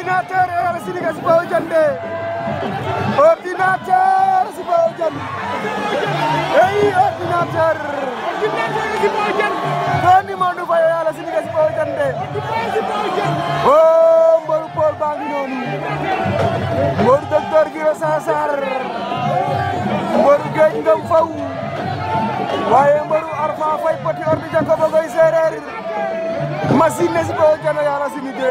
ordinateur e aɗa siriga siba o jande ordinateur siba o jan eyi si ɓoyo jano yara sini de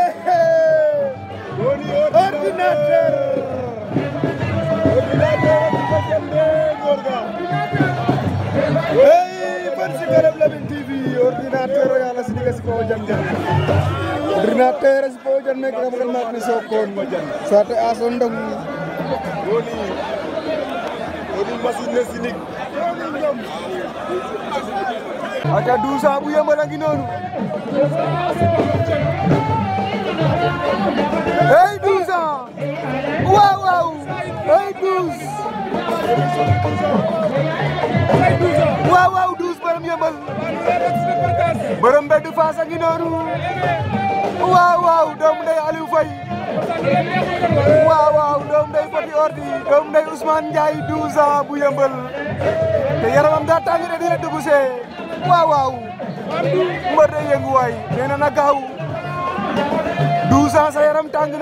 Lamyn TV ordinateur yalla si diga kasih pojan, jam jam ordinateur si ko jam nek kam mak ni sokon sate ason dong woni masih di sini. ada dusa bu yang mana gini nonu hey dusa wow wow hey dus hey dus borom mbedd Fass a ngi noonu waaw waaw doomu ndey Aliou Faye waaw waaw doomu ndey Fati Ordi doomu ndey Ousmane Ndiaye 12 bu yëmbal te yaramam daa tàng de dina dugusee waaw waaw mbër day yëngu nee na na gaaw 12 sa yaram tàng de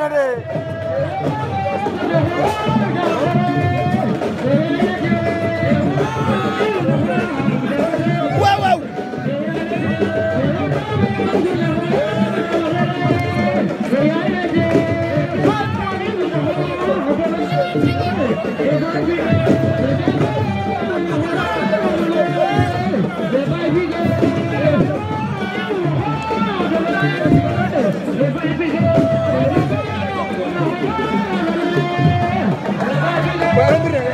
Abre,